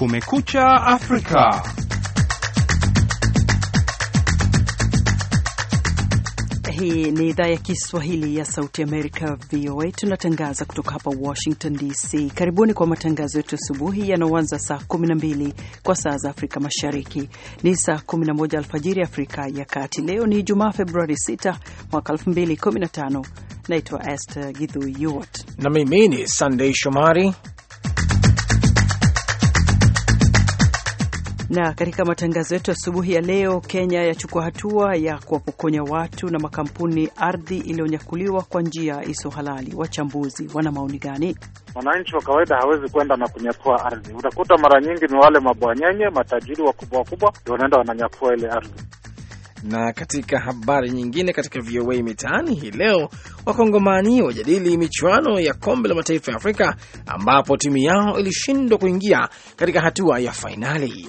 Kumekucha Afrika. Hii ni idhaa ya Kiswahili ya Sauti Amerika, VOA. Tunatangaza kutoka hapa Washington DC. Karibuni kwa matangazo yetu asubuhi yanaoanza saa 12 kwa saa za Afrika Mashariki, ni saa 11 alfajiri Afrika ya Kati. Leo ni jumaa Februari 6 mwaka 2015. Naitwa Esther Githu Yuwat na mimi ni Sandei Shomari Na katika matangazo yetu asubuhi ya leo, Kenya yachukua hatua ya kuwapokonya watu na makampuni ardhi iliyonyakuliwa kwa njia isiyo halali. Wachambuzi wana maoni gani? Mwananchi wa kawaida hawezi kwenda na kunyakua ardhi. Utakuta mara nyingi ni wale mabwanyenye matajiri wakubwa wakubwa ndio wanaenda wananyakua ile ardhi na katika habari nyingine, katika VOA Mitaani hii leo, wakongomani wajadili michuano ya kombe la mataifa ya Afrika ambapo timu yao ilishindwa kuingia katika hatua ya fainali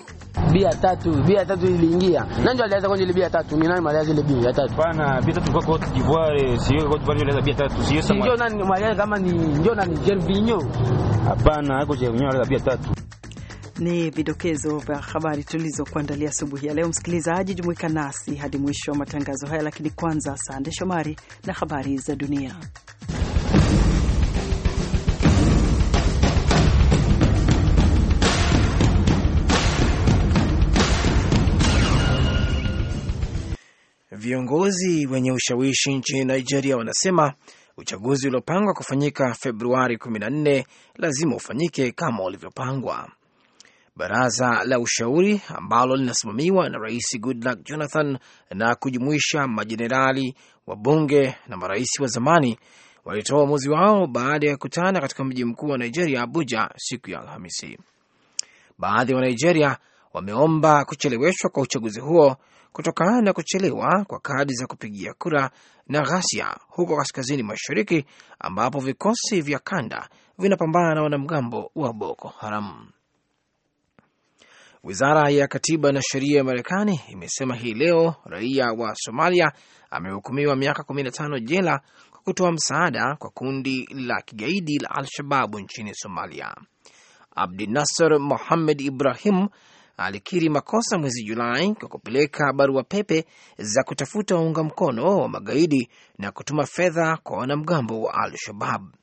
bia tatu bia tatu iliingia na ndio aliweza kwenye bia tatu mimi nani malaria ile bia tatu bana bia tatu kwa Cote d'Ivoire sio Cote d'Ivoire alianza bia tatu sio sama ndio nani malaria kama ni ndio nani Gervinho hapana hapo Gervinho alianza bia tatu ni vidokezo vya habari tulizokuandalia asubuhi ya leo. Msikilizaji, jumuika nasi hadi mwisho wa matangazo haya, lakini kwanza, Sande Shomari na habari za dunia. Viongozi wenye ushawishi nchini Nigeria wanasema uchaguzi uliopangwa kufanyika Februari 14 lazima ufanyike kama ulivyopangwa. Baraza la ushauri ambalo linasimamiwa na Rais Goodluck Jonathan na kujumuisha majenerali, wabunge na marais wa zamani walitoa uamuzi wao baada ya kutana katika mji mkuu wa Nigeria, Abuja, siku ya Alhamisi. Baadhi wa nigeria wameomba kucheleweshwa kwa uchaguzi huo kutokana na kuchelewa kwa kadi za kupigia kura na ghasia huko kaskazini mashariki ambapo vikosi vya kanda vinapambana na wanamgambo wa Boko Haram. Wizara ya Katiba na Sheria ya Marekani imesema hii leo raia wa Somalia amehukumiwa miaka 15 jela kwa kutoa msaada kwa kundi la kigaidi la Al-Shababu nchini Somalia. Abdi Nasser Mohamed Ibrahim alikiri makosa mwezi Julai kwa kupeleka barua pepe za kutafuta waunga mkono wa magaidi na kutuma fedha kwa wanamgambo wa Al-Shabab.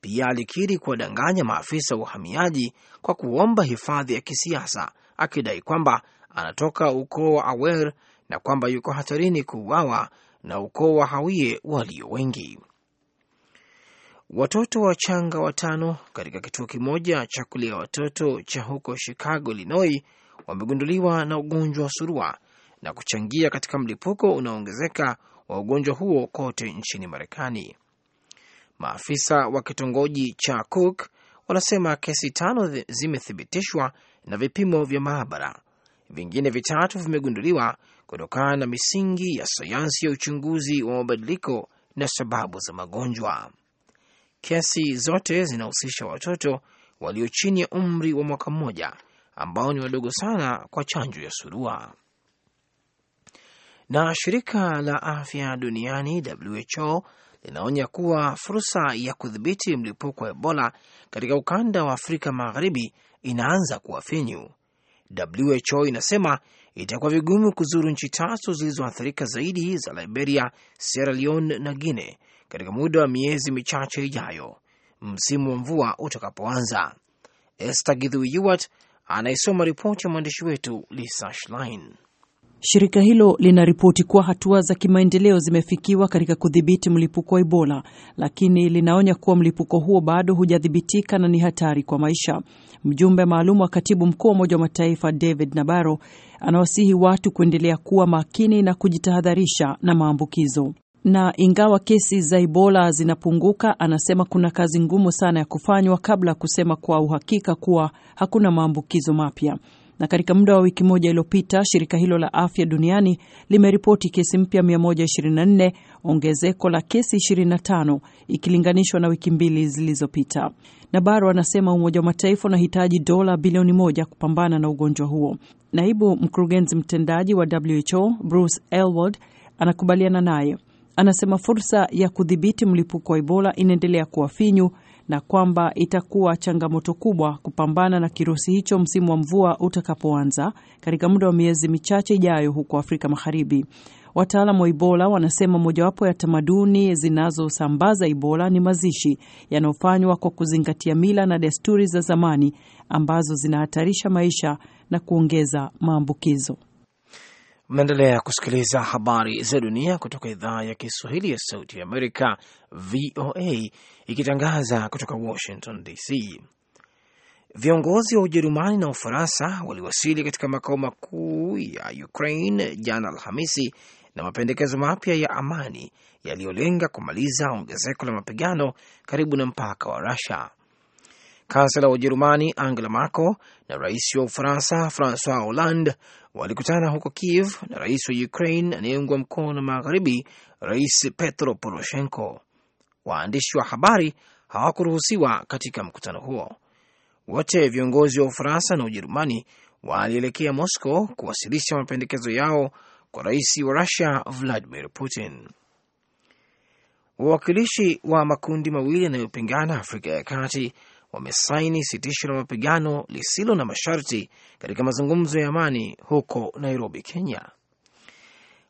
Pia alikiri kuwadanganya maafisa wa uhamiaji kwa kuomba hifadhi ya kisiasa, akidai kwamba anatoka ukoo wa Awer na kwamba yuko hatarini kuuawa na ukoo wa Hawiye walio wengi. Watoto wachanga watano katika kituo kimoja cha kulia watoto cha huko Chicago, Illinois wamegunduliwa na ugonjwa wa surua na kuchangia katika mlipuko unaoongezeka wa ugonjwa huo kote nchini Marekani. Maafisa wa kitongoji cha Cook wanasema kesi tano zimethibitishwa na vipimo vya maabara, vingine vitatu vimegunduliwa kutokana na misingi ya sayansi ya uchunguzi wa mabadiliko na sababu za magonjwa. Kesi zote zinahusisha watoto walio chini ya umri wa mwaka mmoja ambao ni wadogo sana kwa chanjo ya surua. Na shirika la afya duniani WHO linaonya kuwa fursa ya kudhibiti mlipuko wa Ebola katika ukanda wa Afrika Magharibi inaanza kuwa finyu. WHO inasema itakuwa vigumu kuzuru nchi tatu zilizoathirika zaidi za Liberia, Sierra Leone na Guinea katika muda wa miezi michache ijayo msimu wa mvua utakapoanza. Esther Githui Yuwat anayesoma ripoti ya mwandishi wetu Lisa Schlein. Shirika hilo linaripoti kuwa hatua za kimaendeleo zimefikiwa katika kudhibiti mlipuko wa Ebola, lakini linaonya kuwa mlipuko huo bado hujathibitika na ni hatari kwa maisha. Mjumbe maalum wa katibu mkuu wa Umoja wa Mataifa David Nabaro anawasihi watu kuendelea kuwa makini na kujitahadharisha na maambukizo na ingawa kesi za Ebola zinapunguka, anasema kuna kazi ngumu sana ya kufanywa kabla ya kusema kwa uhakika kuwa hakuna maambukizo mapya. Na katika muda wa wiki moja iliyopita, shirika hilo la afya duniani limeripoti kesi mpya 124, ongezeko la kesi 25 ikilinganishwa na wiki mbili zilizopita. Nabaro anasema Umoja wa Mataifa unahitaji dola bilioni moja kupambana na ugonjwa huo. Naibu mkurugenzi mtendaji wa WHO Bruce Elwood anakubaliana naye. Anasema fursa ya kudhibiti mlipuko wa Ebola inaendelea kuwa finyu na kwamba itakuwa changamoto kubwa kupambana na kirusi hicho msimu wa mvua utakapoanza katika muda wa miezi michache ijayo huko Afrika Magharibi. Wataalam wa Ibola wanasema mojawapo ya tamaduni zinazosambaza Ibola ni mazishi yanayofanywa kwa kuzingatia mila na desturi za zamani ambazo zinahatarisha maisha na kuongeza maambukizo. Mnaendelea kusikiliza habari za dunia kutoka idhaa ya Kiswahili ya Sauti ya Amerika, VOA, ikitangaza kutoka Washington DC. Viongozi wa Ujerumani na Ufaransa waliwasili katika makao makuu ya Ukraine jana Alhamisi na mapendekezo mapya ya amani yaliyolenga kumaliza ongezeko la mapigano karibu na mpaka wa Rusia. Kansela wa Ujerumani Angela Merkel na rais wa Ufaransa Francois Hollande walikutana huko Kiev na rais wa Ukraine anayeungwa mkono na magharibi, Rais Petro Poroshenko. Waandishi wa habari hawakuruhusiwa katika mkutano huo. Wote viongozi wa Ufaransa na Ujerumani walielekea Moscow kuwasilisha mapendekezo yao kwa rais wa Rusia Vladimir Putin. Wawakilishi wa makundi mawili yanayopingana Afrika ya Kati wamesaini sitisho la mapigano lisilo na masharti katika mazungumzo ya amani huko Nairobi, Kenya.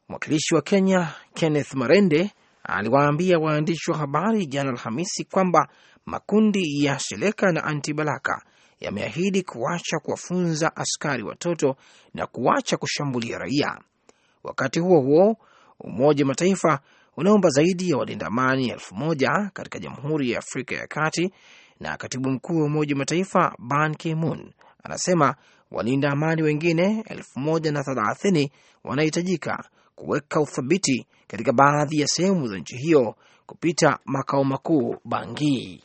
Mwakilishi wa Kenya Kenneth Marende aliwaambia waandishi wa habari jana Alhamisi kwamba makundi ya Seleka na Antibalaka yameahidi kuacha kuwafunza askari watoto na kuacha kushambulia raia. Wakati huo huo, Umoja wa Mataifa unaomba zaidi ya walinda amani elfu moja katika Jamhuri ya Afrika ya Kati na katibu mkuu wa Umoja wa Mataifa Ban Ki-moon anasema walinda amani wengine elfu moja na thelathini wanahitajika kuweka uthabiti katika baadhi ya sehemu za nchi hiyo kupita makao makuu Bangui.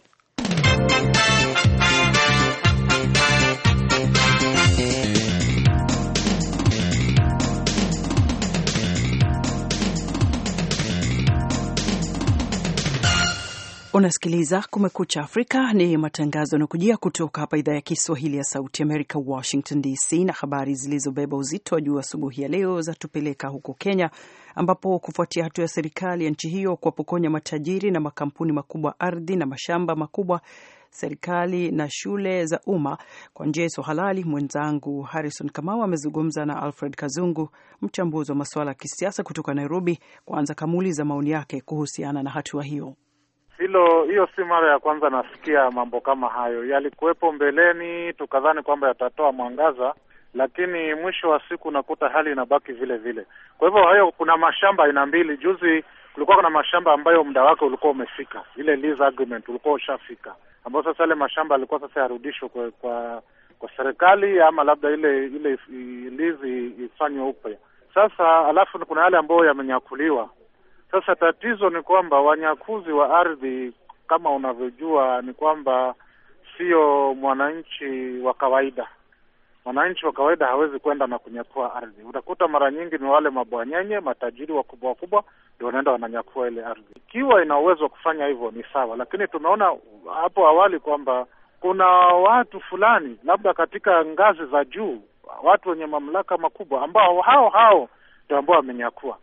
Unasikiliza Kumekucha Afrika, ni matangazo yanakujia kutoka hapa idhaa ya Kiswahili ya Sauti Amerika, Washington DC. Na habari zilizobeba uzito wa juu asubuhi ya leo zatupeleka huko Kenya, ambapo kufuatia hatua ya serikali ya nchi hiyo kuwapokonya matajiri na makampuni makubwa ardhi na mashamba makubwa serikali na shule za umma kwa njia isiyo halali. Mwenzangu Harrison Kamau amezungumza na Alfred Kazungu, mchambuzi wa masuala ya kisiasa kutoka Nairobi, kwanza kamuuliza maoni yake kuhusiana na hatua hiyo. Hilo, hiyo si mara ya kwanza nasikia mambo kama hayo. Yalikuwepo mbeleni, tukadhani kwamba yatatoa mwangaza, lakini mwisho wa siku unakuta hali inabaki vile vile. Kwa hivyo hayo, kuna mashamba aina mbili. Juzi kulikuwa kuna mashamba ambayo muda wake ulikuwa umefika, ile lease agreement ulikuwa ushafika, ambayo sasa yale mashamba yalikuwa sasa yarudishwe kwa, kwa kwa serikali ama labda ile ile lease ifanywe upya sasa. Alafu kuna yale ambayo yamenyakuliwa sasa tatizo ni kwamba wanyakuzi wa ardhi kama unavyojua ni kwamba sio mwananchi wa kawaida. Mwananchi wa kawaida hawezi kwenda na kunyakua ardhi. Utakuta mara nyingi ni wale mabwanyenye, matajiri wakubwa wakubwa ndio wanaenda wananyakua ile ardhi. Ikiwa ina uwezo wa kufanya hivyo ni sawa, lakini tumeona hapo awali kwamba kuna watu fulani, labda katika ngazi za juu, watu wenye mamlaka makubwa, ambao hao hao ndio ambao wamenyakua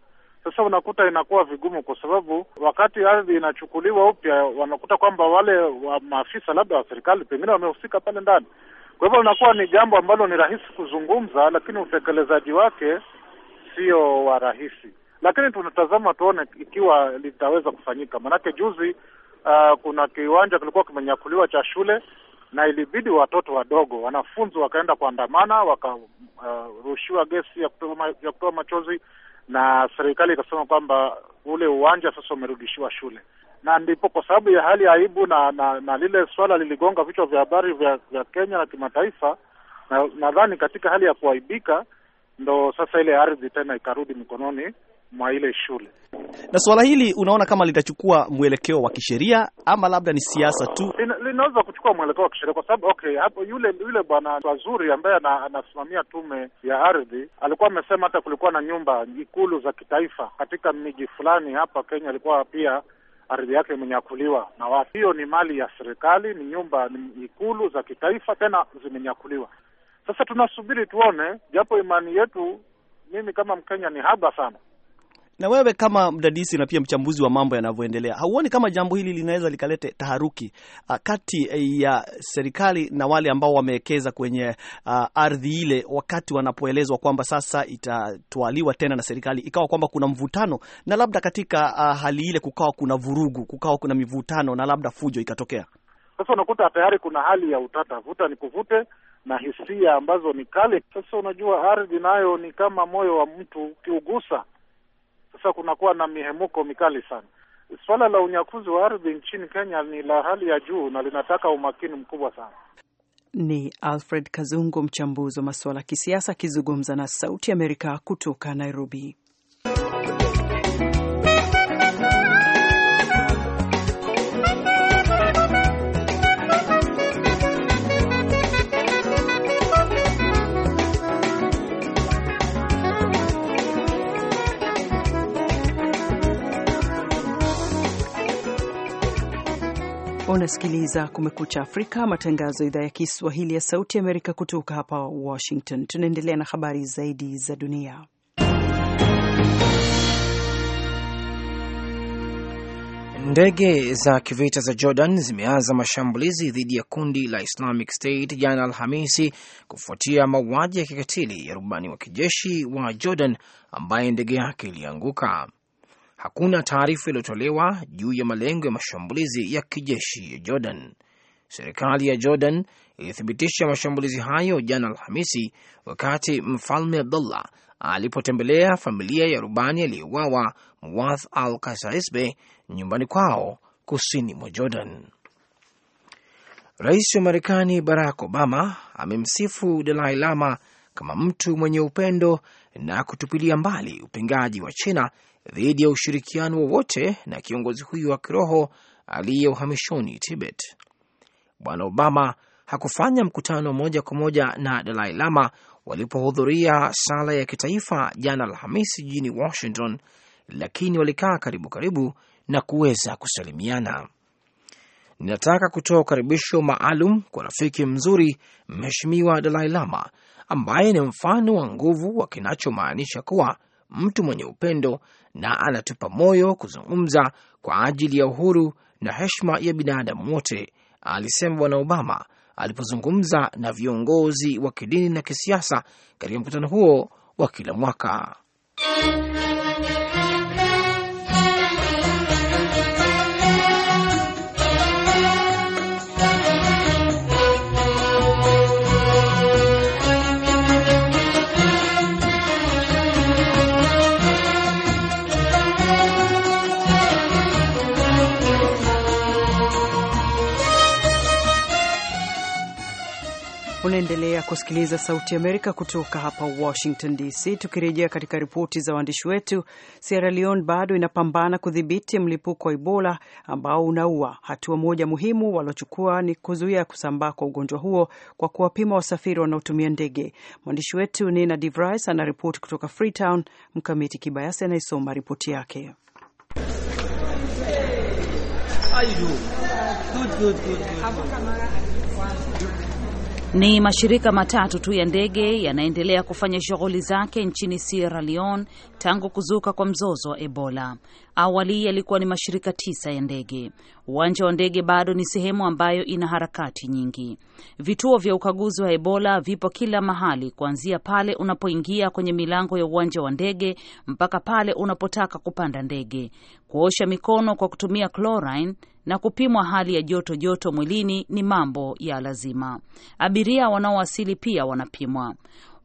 sasa unakuta inakuwa vigumu, kwa sababu wakati ardhi inachukuliwa upya, wanakuta kwamba wale wa maafisa labda wa serikali pengine wamehusika pale ndani. Kwa hivyo inakuwa ni jambo ambalo ni rahisi kuzungumza, lakini utekelezaji wake sio wa rahisi. Lakini tunatazama tuone ikiwa litaweza kufanyika, maanake juzi uh, kuna kiwanja kilikuwa kimenyakuliwa cha shule na ilibidi watoto wadogo wanafunzi wakaenda kuandamana wakarushiwa uh, gesi ya kutoa machozi na serikali ikasema kwamba ule uwanja sasa umerudishiwa shule, na ndipo kwa sababu ya hali ya aibu na, na na lile swala liligonga vichwa vya habari vya, vya Kenya na kimataifa. Nadhani na katika hali ya kuaibika ndo sasa ile ardhi tena ikarudi mikononi mwa ile shule. Na suala hili unaona kama litachukua mwelekeo wa kisheria ama labda ni siasa tu? Ah, linaweza kuchukua mwelekeo wa kisheria kwa sababu okay, hapo yule yule bwana Wazuri ambaye anasimamia tume ya ardhi alikuwa amesema hata kulikuwa na nyumba ikulu za kitaifa katika miji fulani hapa Kenya, alikuwa pia ardhi yake imenyakuliwa na watu. Hiyo ni mali ya serikali, ni nyumba, ni ikulu za kitaifa, tena zimenyakuliwa. Sasa tunasubiri tuone, japo imani yetu, mimi kama Mkenya ni haba sana. Na wewe kama mdadisi na pia mchambuzi wa mambo yanavyoendelea, hauoni kama jambo hili linaweza likalete taharuki uh, kati eh, ya serikali na wale ambao wamewekeza kwenye uh, ardhi ile, wakati wanapoelezwa kwamba sasa itatwaliwa tena na serikali, ikawa kwamba kuna mvutano na labda katika uh, hali ile kukawa kuna vurugu, kukawa kuna mivutano na labda fujo ikatokea? Sasa unakuta tayari kuna hali ya utata, vuta ni kuvute na hisia ambazo ni kali. Sasa unajua, ardhi nayo ni kama moyo wa mtu, ukiugusa sasa kunakuwa na mihemuko mikali sana. Suala la unyakuzi wa ardhi nchini Kenya ni la hali ya juu na linataka umakini mkubwa sana. Ni Alfred Kazungu, mchambuzi wa masuala ya kisiasa, akizungumza na Sauti Amerika kutoka Nairobi. Unasikiliza Kumekucha Afrika, matangazo ya idhaa ya Kiswahili ya Sauti Amerika kutoka hapa Washington. Tunaendelea na habari zaidi za dunia. Ndege za kivita za Jordan zimeanza mashambulizi dhidi ya kundi la Islamic State jana Alhamisi kufuatia mauaji ya kikatili ya rubani wa kijeshi wa Jordan ambaye ndege yake ilianguka. Hakuna taarifa iliyotolewa juu ya malengo ya mashambulizi ya kijeshi ya Jordan. Serikali ya Jordan ilithibitisha mashambulizi hayo jana Alhamisi, wakati mfalme Abdullah alipotembelea familia ya rubani aliyeuawa Muwath al Kasaisbe nyumbani kwao kusini mwa Jordan. Rais wa Marekani Barack Obama amemsifu Dalai Lama kama mtu mwenye upendo na kutupilia mbali upingaji wa China dhidi ya ushirikiano wowote na kiongozi huyo wa kiroho aliye uhamishoni Tibet. Bwana Obama hakufanya mkutano moja kwa moja na Dalai Lama walipohudhuria sala ya kitaifa jana Alhamisi jijini Washington, lakini walikaa karibu karibu na kuweza kusalimiana. Ninataka kutoa ukaribisho maalum kwa rafiki mzuri, Mheshimiwa Dalai Lama, ambaye ni mfano wa nguvu wa kinachomaanisha kuwa mtu mwenye upendo na anatupa moyo kuzungumza kwa ajili ya uhuru na heshima ya binadamu wote, alisema Bwana Obama alipozungumza na viongozi wa kidini na kisiasa katika mkutano huo wa kila mwaka. Unaendelea kusikiliza Sauti Amerika kutoka hapa Washington DC. Tukirejea katika ripoti za waandishi wetu, Sierra Leone bado inapambana kudhibiti mlipuko wa Ebola ambao unaua. Hatua moja muhimu waliochukua ni kuzuia kusambaa kwa ugonjwa huo kwa kuwapima wasafiri wanaotumia ndege. Mwandishi wetu Nina ana anaripoti kutoka Freetown. Mkamiti Kibayasi anayesoma ripoti yake. Good, good, good, good. Ni mashirika matatu tu ya ndege yanaendelea kufanya shughuli zake nchini Sierra Leone tangu kuzuka kwa mzozo wa Ebola. Awali yalikuwa ni mashirika tisa ya ndege. Uwanja wa ndege bado ni sehemu ambayo ina harakati nyingi. Vituo vya ukaguzi wa Ebola vipo kila mahali, kuanzia pale unapoingia kwenye milango ya uwanja wa ndege mpaka pale unapotaka kupanda ndege. Kuosha mikono kwa kutumia chlorine na kupimwa hali ya joto joto mwilini ni mambo ya lazima. Abiria wanaowasili pia wanapimwa.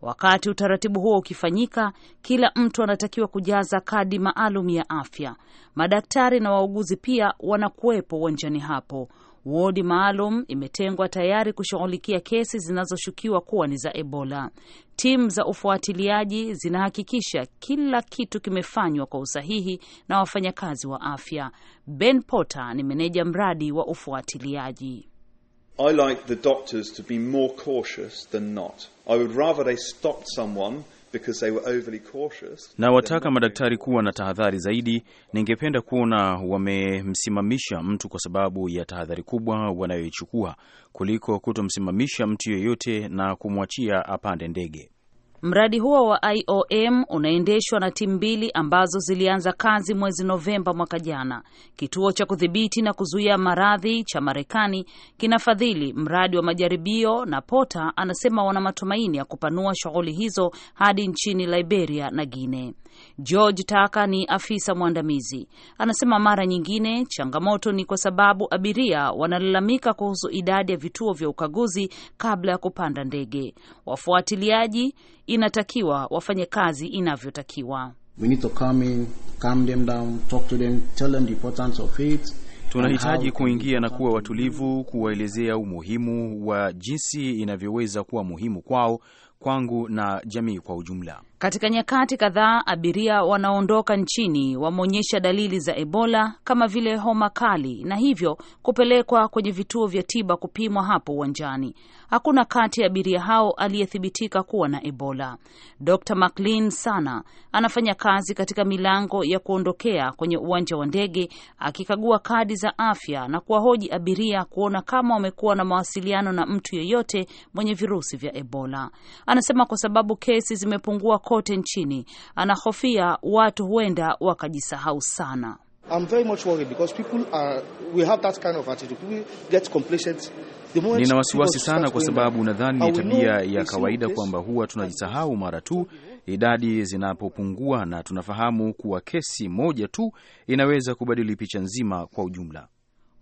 Wakati utaratibu huo ukifanyika, kila mtu anatakiwa kujaza kadi maalum ya afya. Madaktari na wauguzi pia wanakuwepo uwanjani hapo Wodi maalum imetengwa tayari kushughulikia kesi zinazoshukiwa kuwa ni za Ebola. Timu za ufuatiliaji zinahakikisha kila kitu kimefanywa kwa usahihi na wafanyakazi wa afya. Ben Potter ni meneja mradi wa ufuatiliaji. I like the doctors to be more cautious than not. I would rather they stopped someone Nawataka madaktari kuwa na tahadhari zaidi. Ningependa kuona wamemsimamisha mtu kwa sababu ya tahadhari kubwa wanayoichukua kuliko kutomsimamisha mtu yeyote na kumwachia apande ndege. Mradi huo wa IOM unaendeshwa na timu mbili ambazo zilianza kazi mwezi Novemba mwaka jana. Kituo cha kudhibiti na kuzuia maradhi cha Marekani kinafadhili mradi wa majaribio, na Pota anasema wana matumaini ya kupanua shughuli hizo hadi nchini Liberia na Guinea. George Taka ni afisa mwandamizi, anasema mara nyingine changamoto ni kwa sababu abiria wanalalamika kuhusu idadi ya vituo vya ukaguzi kabla ya kupanda ndege. Wafuatiliaji inatakiwa wafanye kazi inavyotakiwa. Tunahitaji kuingia na kuwa watulivu, kuwaelezea umuhimu wa jinsi inavyoweza kuwa muhimu kwao, kwangu na jamii kwa ujumla. Katika nyakati kadhaa abiria wanaondoka nchini wameonyesha dalili za Ebola kama vile homa kali na hivyo kupelekwa kwenye vituo vya tiba kupimwa hapo uwanjani. Hakuna kati ya abiria hao aliyethibitika kuwa na Ebola. Dr Maclean Sana anafanya kazi katika milango ya kuondokea kwenye uwanja wa ndege akikagua kadi za afya na kuwahoji abiria kuona kama wamekuwa na mawasiliano na mtu yeyote mwenye virusi vya Ebola. Anasema kwa sababu kesi zimepungua kote nchini. Anahofia watu huenda wakajisahau sana. Nina wasiwasi sana kwa sababu nadhani ni tabia ya kawaida kwamba huwa tunajisahau mara tu idadi zinapopungua, na tunafahamu kuwa kesi moja tu inaweza kubadili picha nzima kwa ujumla.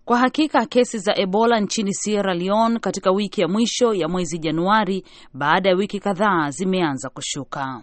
Kwa hakika kesi za Ebola nchini Sierra Leone katika wiki ya mwisho ya mwezi Januari, baada ya wiki kadhaa, zimeanza kushuka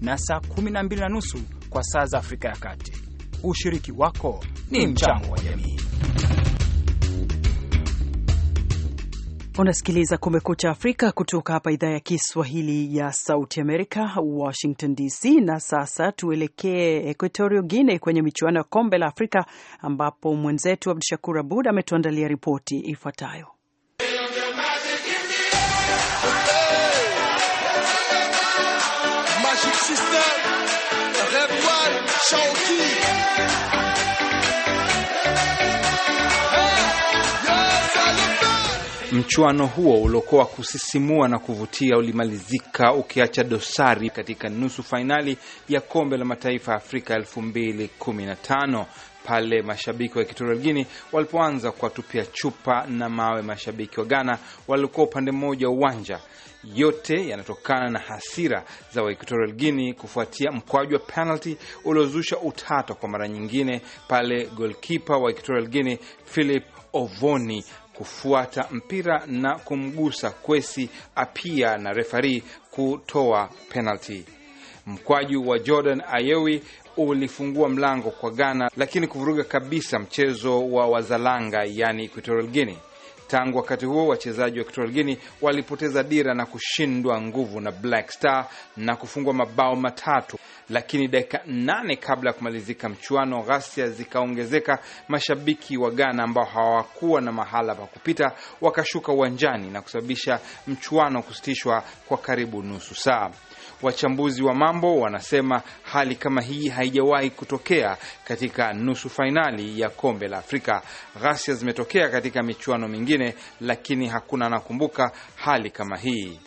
na saa 12 na nusu kwa saa za Afrika ya Kati. Ushiriki wako ni mchango wa jamii. Unasikiliza Kumekucha Afrika kutoka hapa idhaa ya Kiswahili ya Sauti Amerika, Washington DC. Na sasa tuelekee Equatorio Guine kwenye michuano ya Kombe la Afrika, ambapo mwenzetu Abdu Shakur Abud ametuandalia ripoti ifuatayo. system, Mchuano huo uliokuwa wa kusisimua na kuvutia ulimalizika ukiacha dosari katika nusu fainali ya kombe la mataifa ya Afrika 2015 pale mashabiki wa Equatorial Guinea walipoanza kuwatupia chupa na mawe mashabiki wa Ghana waliokuwa upande mmoja wa uwanja yote yanatokana na hasira za Waequatorial Guinea kufuatia mkwaju wa penalty uliozusha utata kwa mara nyingine pale golkipa wa Equatorial Guinea Philip Ovoni kufuata mpira na kumgusa Kwesi Apia na refari kutoa penalty. Mkwaju wa Jordan Ayewi ulifungua mlango kwa Ghana, lakini kuvuruga kabisa mchezo wa wazalanga, yani Equatorial Guinea. Tangu wakati huo wachezaji wa Equatorial Guinea walipoteza dira na kushindwa nguvu na Black Star na kufungwa mabao matatu, lakini dakika nane kabla ya kumalizika mchuano, ghasia zikaongezeka. Mashabiki wa Ghana ambao hawakuwa na mahala pa kupita wakashuka uwanjani na kusababisha mchuano kusitishwa kwa karibu nusu saa. Wachambuzi wa mambo wanasema hali kama hii haijawahi kutokea katika nusu fainali ya kombe la Afrika. Ghasia zimetokea katika michuano mingine, lakini hakuna anakumbuka hali kama hii.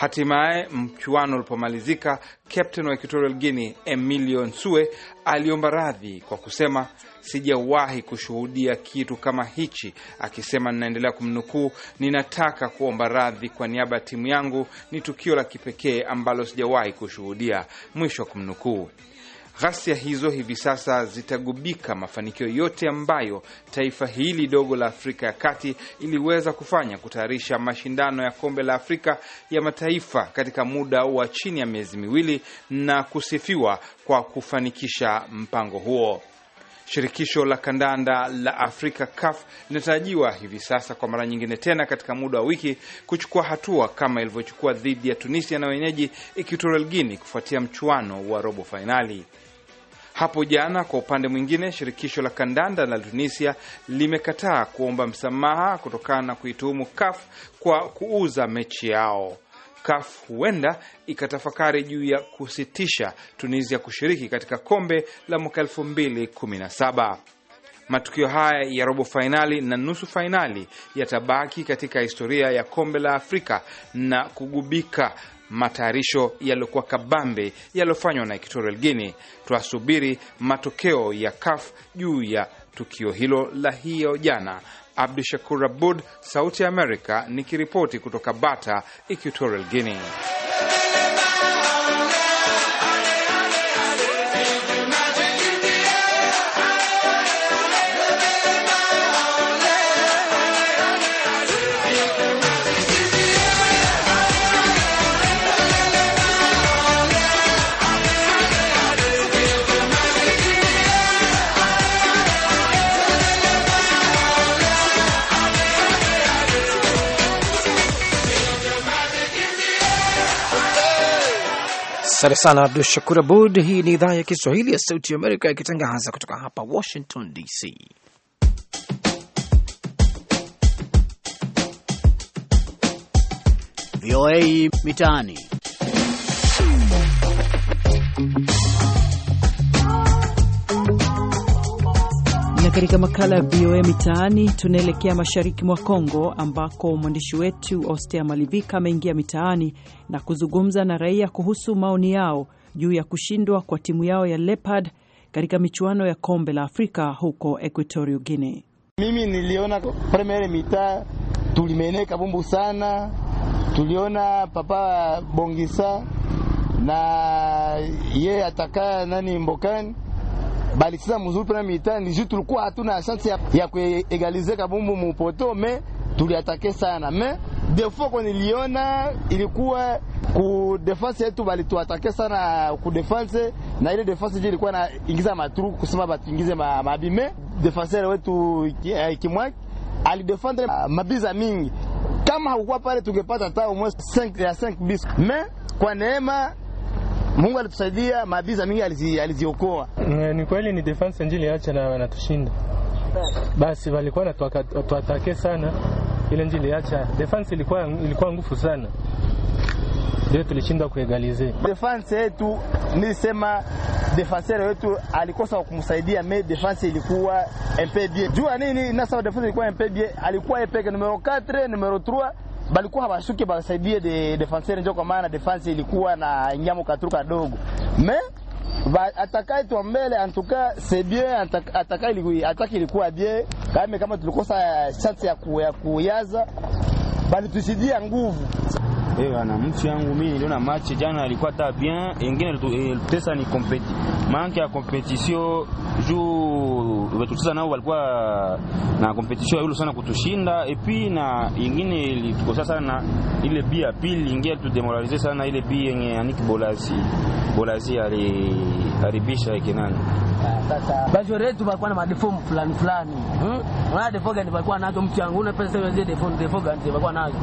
Hatimaye mchuano ulipomalizika, captain wa Equatorial Guinea Emilio Nsue aliomba radhi kwa kusema sijawahi kushuhudia kitu kama hichi, akisema ninaendelea kumnukuu, ninataka kuomba radhi kwa niaba ya timu yangu, ni tukio la kipekee ambalo sijawahi kushuhudia, mwisho wa kumnukuu. Ghasia hizo hivi sasa zitagubika mafanikio yote ambayo taifa hili dogo la Afrika ya Kati iliweza kufanya kutayarisha mashindano ya kombe la Afrika ya mataifa katika muda wa chini ya miezi miwili na kusifiwa kwa kufanikisha mpango huo. Shirikisho la kandanda la Afrika CAF linatarajiwa hivi sasa kwa mara nyingine tena katika muda wa wiki kuchukua hatua kama ilivyochukua dhidi ya Tunisia na wenyeji Equatorial Guinea kufuatia mchuano wa robo fainali. Hapo jana, kwa upande mwingine, shirikisho la kandanda la Tunisia limekataa kuomba msamaha kutokana na kuituhumu CAF kwa kuuza mechi yao. CAF huenda ikatafakari juu ya kusitisha Tunisia kushiriki katika kombe la mwaka 2017. Matukio haya ya robo fainali na nusu fainali yatabaki katika historia ya kombe la Afrika na kugubika matayarisho yaliyokuwa kabambe yaliyofanywa na Equatorial Guinea. Twasubiri matokeo ya CAF juu ya tukio hilo la hiyo jana. Abdu Shakur Abud, Sauti ya Amerika, nikiripoti kutoka Bata, Equatorial Guinea. Asante sana Abdu Shakur Abud. Hii ni idhaa ya Kiswahili ya Sauti ya Amerika ikitangaza kutoka hapa Washington DC. VOA Mitaani. katika makala ya VOA Mitaani tunaelekea mashariki mwa Kongo ambako mwandishi wetu Ostea Malivika ameingia mitaani na kuzungumza na raia kuhusu maoni yao juu ya kushindwa kwa timu yao ya Leopard katika michuano ya kombe la Afrika huko Equatorio Guinea. Mimi niliona premiere mitaa tulimeneka bumbu sana, tuliona papa Bongisa na ye atakaa nani Mbokani balicheza mzuri pena mitani ndio tulikuwa hatuna chance ya, ya kuegalize kabumbu mupoto me tuliatake sana me defo kwa niliona ilikuwa ku defense yetu balituatake sana ku defense na ile defense hiyo ilikuwa na ingiza matruku kusema batuingize mabime ma defenseur wetu eh, Kimwaki alidefendre ah, mabiza mingi. Kama hakukuwa pale tungepata hata au moins 5 ya 5 bis. Me kwa neema Mungu alitusaidia, maabiza mingi aliziokoa. Eh, ni kweli, ni defense njili acha na wanatushinda. Basi walikuwa natuatake sana, ile njili acha defense ilikuwa ilikuwa ngufu sana, ndio tulishinda kuegalize defense yetu. sema defenseur wetu alikosa kumsaidia me, defense ilikuwa impedie Jua nini? Nasa defense ilikuwa impedie, alikuwa epeke numero 4 numero 3 balikuwa hawashuki basaidie de defenseur njo, kwa maana defense ilikuwa na nyamo katru kadogo me atakaye twa mbele antuka c'est bien atakaye ilikuwa ataki ilikuwa bien kama kama tulikosa chance ya kuyaza, tusidia nguvu eh, ana mtu yangu mimi niliona match jana alikuwa ta bien, ingine pesa eh, ni competi manke ya competition juu vetucheza nao walikuwa na competition yule sana kutushinda, et puis na ingine ilitukosea sana na ile bia pili ingia tu demoralize sana ile bia yenye Anik bolasi bolasi yake nani basi wale tu walikuwa na madefom fulani fulani, hmm? na defo gani balikuwa nazo mchangu na pesa zile defoga defo walikuwa nazo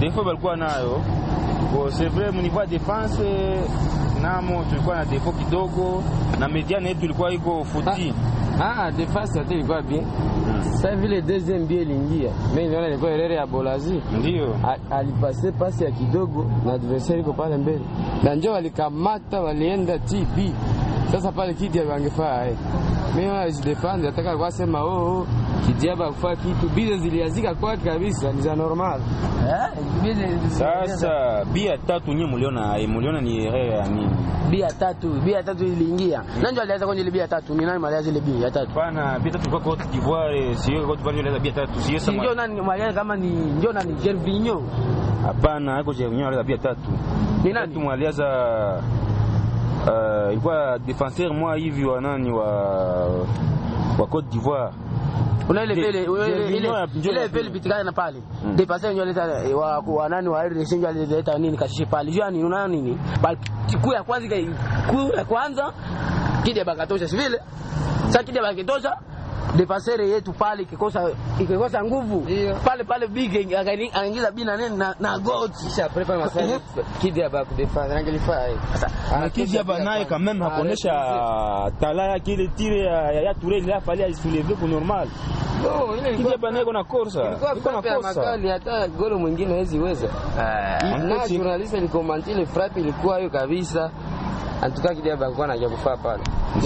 defo balikuwa nayo sevre munivua defense namo tulikuwa na defo kidogo, na mediane yetu ilikuwa iko futi. Ah, ah defense yetu ilikuwa bien sasa hmm. vile deuxième bie lingia mimi niliona ilikuwa erere ya Bolazi, ndio alipase pasi ya kidogo na adversaire iko pale mbele, na njoo walikamata walienda TB. Sasa pale kiti wangefaa mimi naona jidefend ataka kwasema oh, oh kijaba kufaa kitu bize ziliazika kwake kabisa, ni za normal. Eh, sasa bia tatu nyinyi muliona, eh, muliona ni erreur ya nini? Bia tatu, bia tatu iliingia. Hmm. Nani ndio alianza kwenye ile bia tatu? Ni nani maliaza ile bia tatu? Bana, bia tatu kwa kote d'Ivoire, sio Cote d'Ivoire ile bia tatu, si sema. Ndio nani maliaza kama ni ndio nani Gervinho? Hapana, hapo Gervinho aliaza bia tatu. Ni nani? Mtu maliaza eh, ilikuwa defenseur moi hivi wa nani wa wa Côte d'Ivoire. Kuna ile vile ile vile pitikana na pale. De pasa nyo leta wa wa nani wa ile sinjo alileta nini kashishi pale. Jua ni una nini? Bali kuu ya kwanza kuu ya kwanza kidi bakatosha sivile. Sasa kidi bakatosha depasere yetu pale ikikosa ikikosa nguvu yeah. pale pale big anaingiza bina nene na, na goti kisha prepa masai kidi hapa kudefend angelifaa ah, na kidi hapa naye quand même ah, hakuonesha tala ya kile tire ya, ya Touré ile afali aisouleve kwa normal no ile ilikuwa hapa naye kuna kosa. kuna na kosa. Makali hata golo mwingine hawezi weza. Na journalist ile frappe ilikuwa hiyo kabisa. Antuka kidia alikuwa anaja kufaa pale.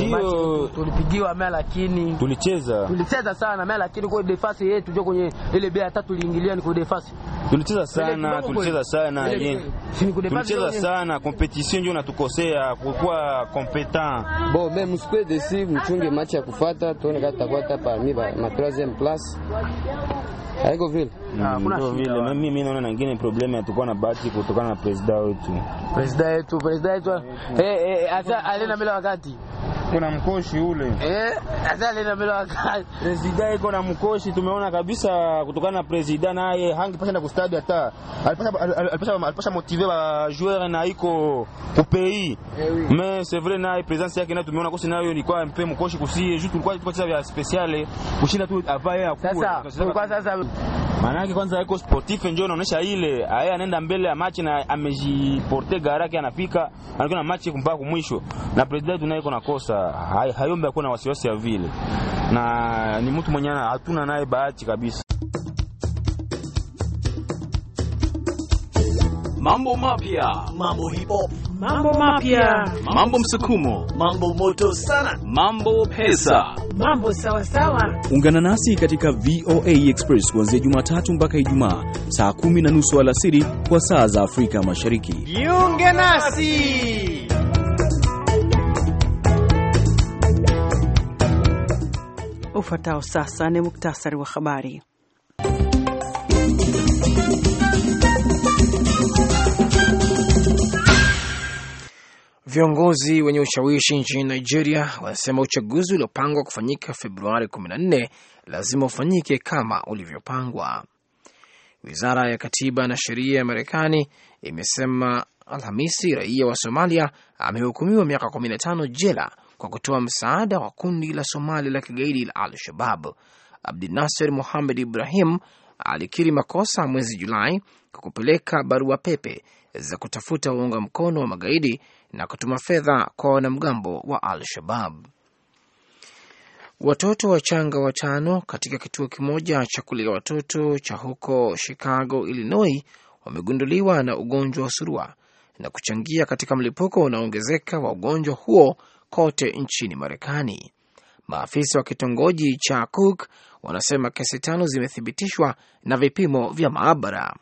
Ndio tulipigiwa mea lakini tulicheza. Tulicheza sana mea lakini kwa defense yetu ndio kwenye ile bea tatu liingilia ni kwa defense. Tulicheza sana, tulicheza sana. yeye Tulicheza sana, competition ndio inatukosea kwa competent. Bon, mais msikwe desi mchunge match ya kufuata tuone kama tutakuwa hata parmi ma 3e place. Haiko vile. Ah, mm, ndio vile mimi naona na ngine problema na bahati kutokana na presida wetu, presida yetu, presida yetu hasa eh, eh, eh, alina bila wakati kuna mkoshi ule eh, hata lina bila wakati presida iko na mkoshi. Tumeona kabisa kutokana na presida naye hangipasha na kustadi, hata alipasha alipasha alipasha ba joueur na iko ku pays mais c'est vrai naye presence yake nayo tumeona kosi nayo ilikuwa mpe mkoshi kusie juu tulikuwa tulikuwa vya speciale kushinda tu avaye akua sasa kwa sasa maana yake kwanza yako sportif njoo inaonyesha ile aye anaenda mbele ya machi na amejiporte garaki anafika anakuwa na machi kumpaka kumwisho, na president tunaye kosa nakosa hayombe akuwa na wasiwasi ya vile, na ni mtu mwenye hatuna naye bahati kabisa. mambo mapya, mambo hip hop, mambo mapya, mambo msukumo, mambo moto sana, mambo pesa, mambo sawa sawa. Ungana nasi katika VOA Express kuanzia Jumatatu mpaka Ijumaa saa kumi na nusu alasiri kwa saa za Afrika Mashariki. Jiunge nasi. Ufuatao sasa ni muktasari wa habari. Viongozi wenye ushawishi nchini Nigeria wanasema uchaguzi uliopangwa kufanyika Februari 14 lazima ufanyike kama ulivyopangwa. Wizara ya Katiba na Sheria ya Marekani imesema Alhamisi raia wa Somalia amehukumiwa miaka 15 jela kwa kutoa msaada wa kundi la Somali la kigaidi la Al-Shabab. abdinaser Mohamed Ibrahim alikiri makosa mwezi Julai kwa kupeleka barua pepe za kutafuta uunga mkono wa magaidi na kutuma fedha kwa wanamgambo wa Al-Shabab. Watoto wachanga watano katika kituo kimoja cha kulia watoto cha huko Chicago, Illinois wamegunduliwa na ugonjwa wa surua na kuchangia katika mlipuko unaoongezeka wa ugonjwa huo kote nchini Marekani. Maafisa wa kitongoji cha Cook wanasema kesi tano zimethibitishwa na vipimo vya maabara.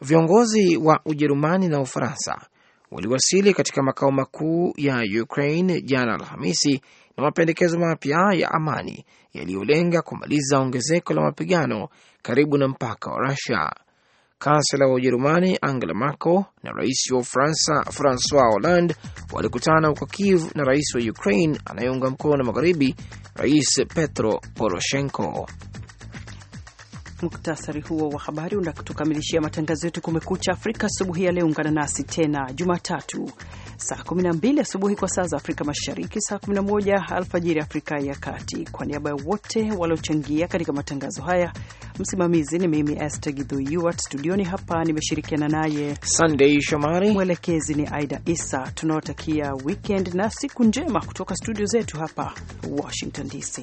Viongozi wa Ujerumani na Ufaransa waliwasili katika makao makuu ya Ukraine jana Alhamisi na mapendekezo mapya ya amani yaliyolenga kumaliza ongezeko la mapigano karibu na mpaka wa Rusia. Kansela wa Ujerumani Angela Merkel na rais wa Ufaransa Francois Hollande walikutana huko Kiev na rais wa Ukraine anayeunga mkono na magharibi, Rais Petro Poroshenko. Muktasari huo wa habari unatukamilishia matangazo yetu Kumekucha Afrika asubuhi ya leo. Ungana nasi tena Jumatatu saa 12 asubuhi kwa saa za Afrika Mashariki, saa 11 alfajiri Afrika ya Kati. Kwa niaba ya wote waliochangia katika matangazo haya, msimamizi ni mimi Esther Gidhyuart, studioni hapa nimeshirikiana naye sandei Shomari, mwelekezi ni Aida Isa. Tunawatakia weekend na siku njema kutoka studio zetu hapa Washington DC.